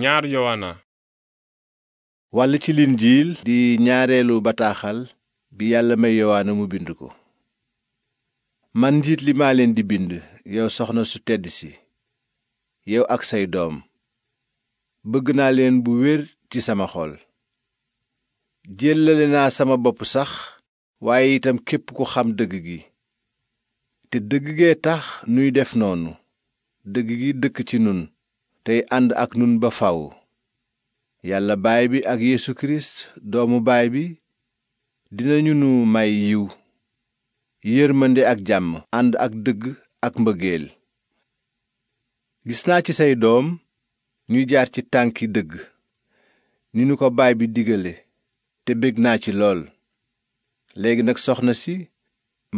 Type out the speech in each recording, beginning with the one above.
ñaar yowaana wàll ci linjiil di ñaareelu bataaxal bi yàlla may yowaana mu bind ko man njiit li maa leen di bind yow soxna su tedd si yow ak say doom bëgg naa leen bu wér ci sama xol jëllale naa sama bopp sax waaye itam képp ku xam dëgg gi te dëgg gee tax nuy def noonu dëgg gi dëkk ci nun tey ànd ak nun ba faw yàlla baay bi ak Yeesu Kirist doomu baay bi dinañu nu may yiw yërmande ak jàmm ànd ak dëgg ak mbëggeel gis naa ci say doom ñu jaar ci tànki dëgg ni nu ko baay bi digale te bég naa ci lool léegi nag soxna si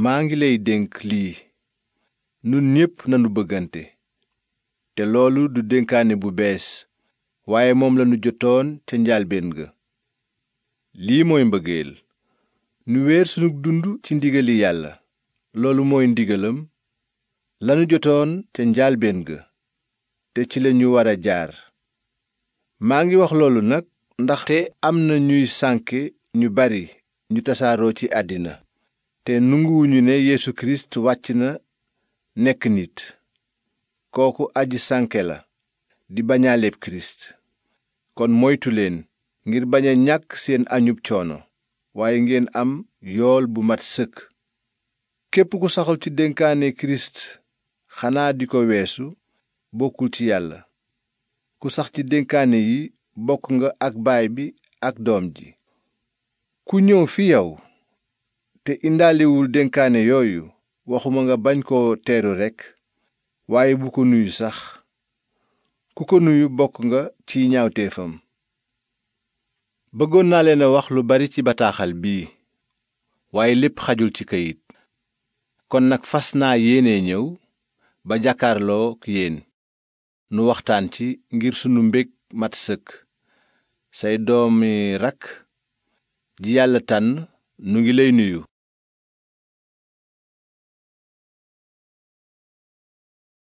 maa ngi lay dénk lii nun ñépp nanu bëggante te loolu du dénkaane bu bees waaye moom lanu jotoon ca njaalbéen ga lii mooy mbëggeel nu wéer sunu dund ci ndigali yàlla loolu mooy ndigalam lanu jotoon ca njaalbéen ga te ci lañu war a jaar maa ngi wax loolu nag ndaxte am na ñuy sànke ñu bari ñu tasaaroo ci àddina te nunguwuñu ne Yeesu Kirist wàcc na nekk nit kooku aji sànke la di bañaaleeb kirist kon moytu leen ngir bañ a ñàkk seen añub coono waaye ngeen am yool bu mat sëkk képp ku saxul ci dénkaane kirist xanaa di ko weesu bokkul ci yàlla ku sax ci dénkaane yi bokk nga ak baay bi ak doom ji ku ñëw fi yow te indaalewul dénkaane yooyu waxuma nga bañ koo teeru rekk waaye bu ko nuyu sax ku ko nuyu bokk nga ci ñaawteefam bëggoon naa leen wax lu bari ci bataaxal bii waaye lépp xajul ci kayit kon nag fas naa yéene ñëw ba jàkkaarlook yéen nu waxtaan ci ngir sunu mbég mat sëkk say doomi rakk ji yàlla tànn nu ngi lay nuyu